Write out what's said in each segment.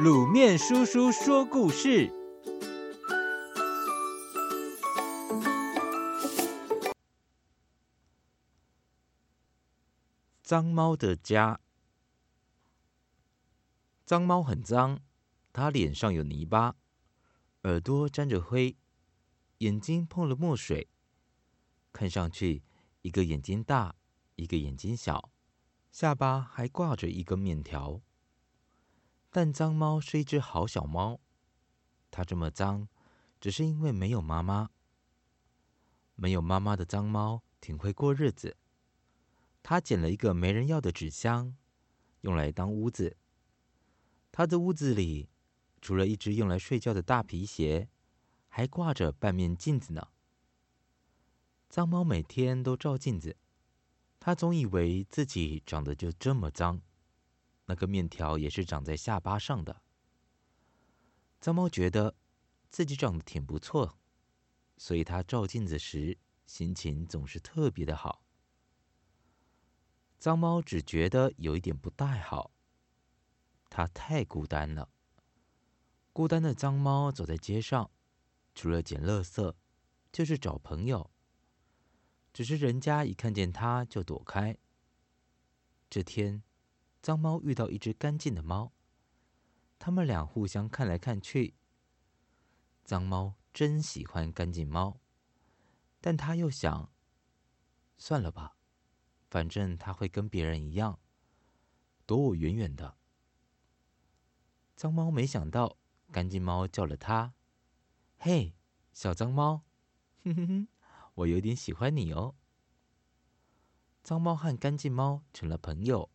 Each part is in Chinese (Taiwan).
滷麵叔叔說故事：髒貓的家，髒貓很髒，它臉上有泥巴，耳朵沾着灰，眼睛碰了墨水，看上去一個眼睛大，一個眼睛小，下巴還掛着一根麵條。但髒貓是一隻好小貓，它這麼髒，只是因為沒有媽媽。沒有媽媽的髒貓挺會過日子，它撿了一個沒人要的紙箱，用來當屋子。它的屋子裡，除了一隻用來睡覺的大皮鞋，還掛着半面鏡子呢。髒貓每天都照鏡子，它總以為自己長得就這麼髒。那個麵條也是長在下巴上的。髒貓覺得自己長得挺不錯，所以它照鏡子時心情總是特別的好。髒貓只覺得有一點不太好，它太孤單了。孤單的髒貓走在街上，除了撿垃圾，就是找朋友。只是人家一看見它就躲開。這天。髒貓遇到一隻乾淨的貓，他們倆互相看來看去。髒貓真喜歡乾淨貓，但他又想，算了吧，反正他會跟別人一樣，躲我遠遠的。髒貓沒想到，乾淨貓叫了他：“嘿，小髒貓，哼哼哼，我有點喜歡你哦。”髒貓和乾淨貓成了朋友。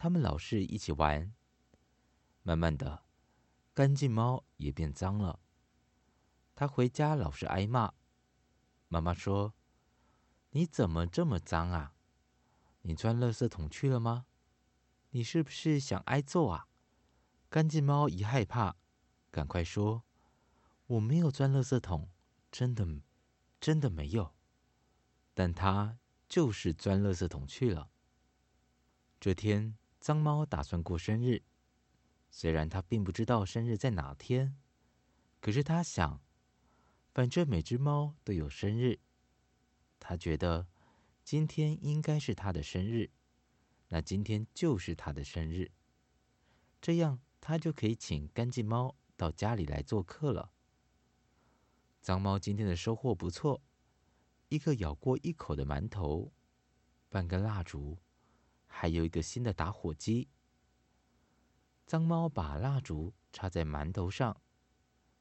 他們老是一起玩。慢慢的，乾淨貓也變髒了。他回家老是挨罵。媽媽說：“你怎麼這麼髒啊？你鑽垃圾桶去了嗎？你是不是想挨揍啊？”乾淨貓一害怕，趕快說：“我沒有鑽垃圾桶，真的，真的沒有。”但他就是鑽垃圾桶去了。這天。髒貓打算過生日，雖然他並不知道生日在哪天，可是他想，反正每只貓都有生日，他覺得今天應該是他的生日，那今天就是他的生日，這樣他就可以請乾淨貓到家裡來做客了。髒貓今天的收穫不錯，一個咬過一口的饅頭，半根蠟燭。還有一個新的打火機。髒貓把蠟燭插在饅頭上，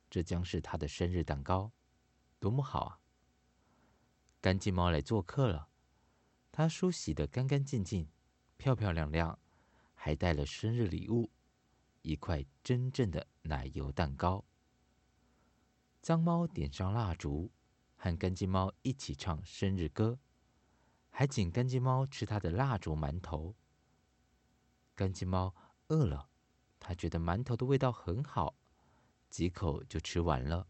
這將是它的生日蛋糕，多麼好啊！乾淨貓來做客了，它梳洗得乾乾淨淨，漂漂亮亮，還帶了生日禮物——一塊真正的奶油蛋糕。髒貓點上蠟燭，和乾淨貓一起唱生日歌。還請乾淨貓吃它的蠟燭饅頭。乾淨貓餓了，它覺得饅頭的味道很好，幾口就吃完了。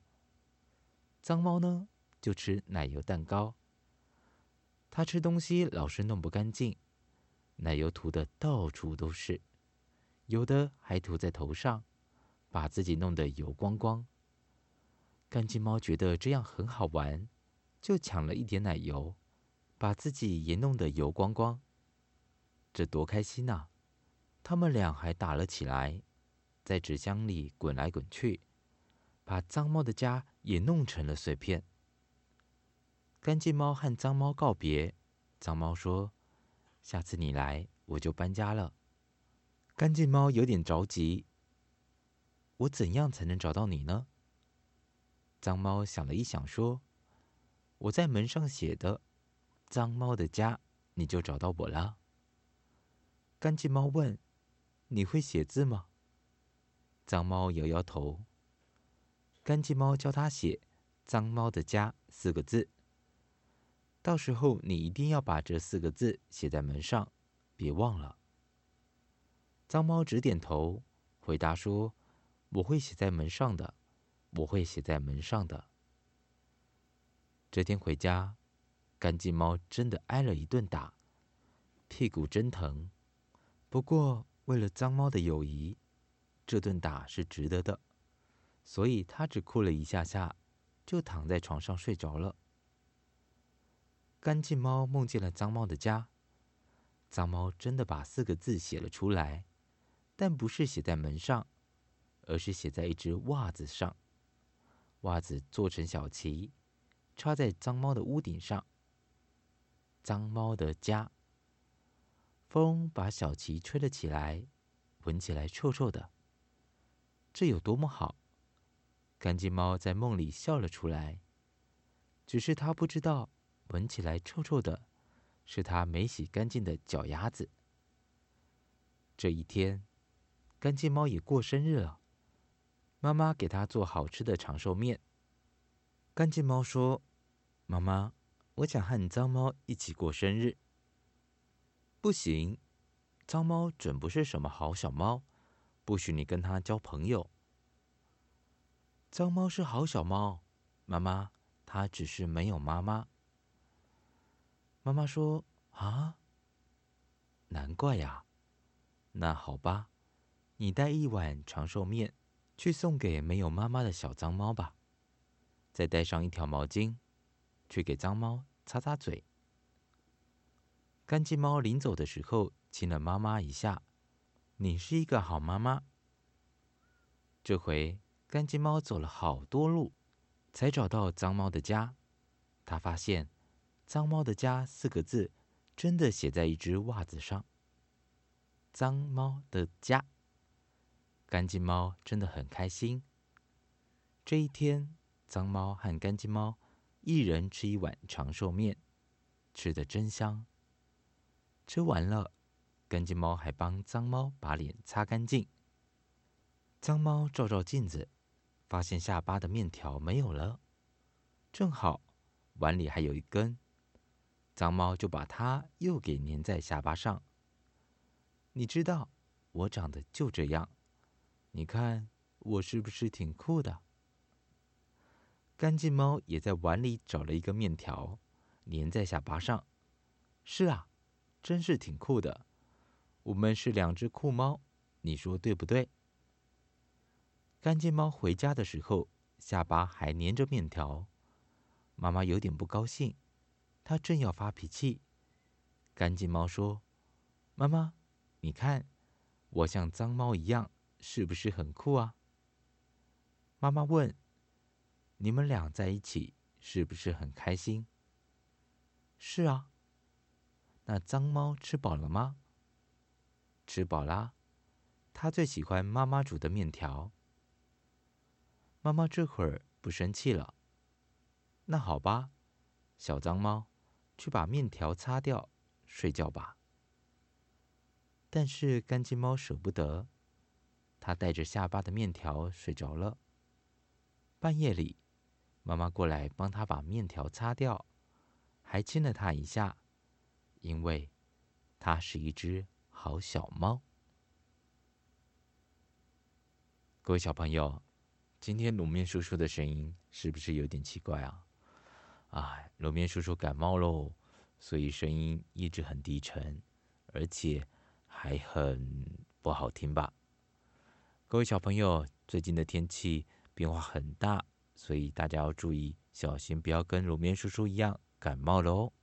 髒貓呢，就吃奶油蛋糕。它吃東西老是弄不乾淨，奶油塗的到處都是，有的還塗在頭上，把自己弄得油光光。乾淨貓覺得這樣很好玩，就搶了一點奶油。把自己也弄得油光光，這多開心吶、啊！他們倆還打了起來，在紙箱裡滾來滾去，把髒貓的家也弄成了碎片。乾淨貓和髒貓告別，髒貓說：“下次你來，我就搬家了。”乾淨貓有點着急：“我怎樣才能找到你呢？”髒貓想了一想，說：“我在門上寫的。”髒貓的家，你就找到我了。乾淨貓問：“你會寫字嗎？”髒貓搖搖頭。乾淨貓教他寫“髒貓的家”四個字。到時候你一定要把這四個字寫在門上，別忘了。髒貓直點頭，回答說：“我會寫在門上的，我會寫在門上的。”這天回家。乾淨貓真的挨了一頓打，屁股真疼。不過為了髒貓的友誼，這頓打是值得的。所以它只哭了一下下，就躺在床上睡着了。乾淨貓夢見了髒貓的家，髒貓真的把四個字寫了出來，但不是寫在門上，而是寫在一隻襪子上。襪子做成小旗，插在髒貓的屋頂上。髒貓的家，風把小琪吹了起來，聞起來臭臭的。這有多麼好？乾淨貓在夢裡笑了出來，只是它不知道，聞起來臭臭的，是它沒洗乾淨的腳丫子。這一天，乾淨貓也過生日了，媽媽給他做好吃的長壽面。乾淨貓說：“媽媽。”我想和你髒貓一起過生日。不行，髒貓準不是什麼好小貓，不許你跟它交朋友。髒貓是好小貓，媽媽，它只是沒有媽媽。媽媽說：“啊，難怪呀、啊，那好吧，你帶一碗長壽麵去送給沒有媽媽的小髒貓吧，再帶上一條毛巾。”去給髒貓擦擦嘴。乾淨貓臨走的時候親了媽媽一下：“你是一個好媽媽。”這回乾淨貓走了好多路，才找到髒貓的家。他發現“髒貓的家”四個字真的寫在一隻襪子上。髒貓的家，乾淨貓真的很開心。這一天，髒貓和乾淨貓。一人吃一碗長壽麵，吃的真香。吃完了，乾淨貓還幫髒貓把臉擦乾淨。髒貓照照鏡子，發現下巴的麵條沒有了，正好碗裡還有一根，髒貓就把它又給粘在下巴上。你知道我長得就這樣，你看我是不是挺酷的？乾淨貓也在碗裡找了一個麵條，粘在下巴上。是啊，真是挺酷的。我們是兩隻酷貓，你說對不對？乾淨貓回家的時候，下巴還粘着面條，媽媽有點不高興，她正要發脾氣。乾淨貓說：“媽媽，你看，我像髒貓一樣，是不是很酷啊？”媽媽問。你們倆在一起是不是很開心？是啊。那髒貓吃飽了嗎？吃飽啦，它最喜歡媽媽煮的麵條。媽媽這會兒不生氣了。那好吧，小髒貓，去把麵條擦掉，睡覺吧。但是乾淨貓舍不得，它帶着下巴的麵條睡着了。半夜裡。媽媽過來幫他把麵條擦掉，還親了他一下，因為，他是一隻好小貓。各位小朋友，今天滷麵叔叔的聲音是不是有點奇怪啊？啊，滷麵叔叔感冒嘍，所以聲音一直很低沉，而且還很不好聽吧？各位小朋友，最近的天氣變化很大。所以大家要注意，小心不要跟柔棉叔叔一樣感冒了哦。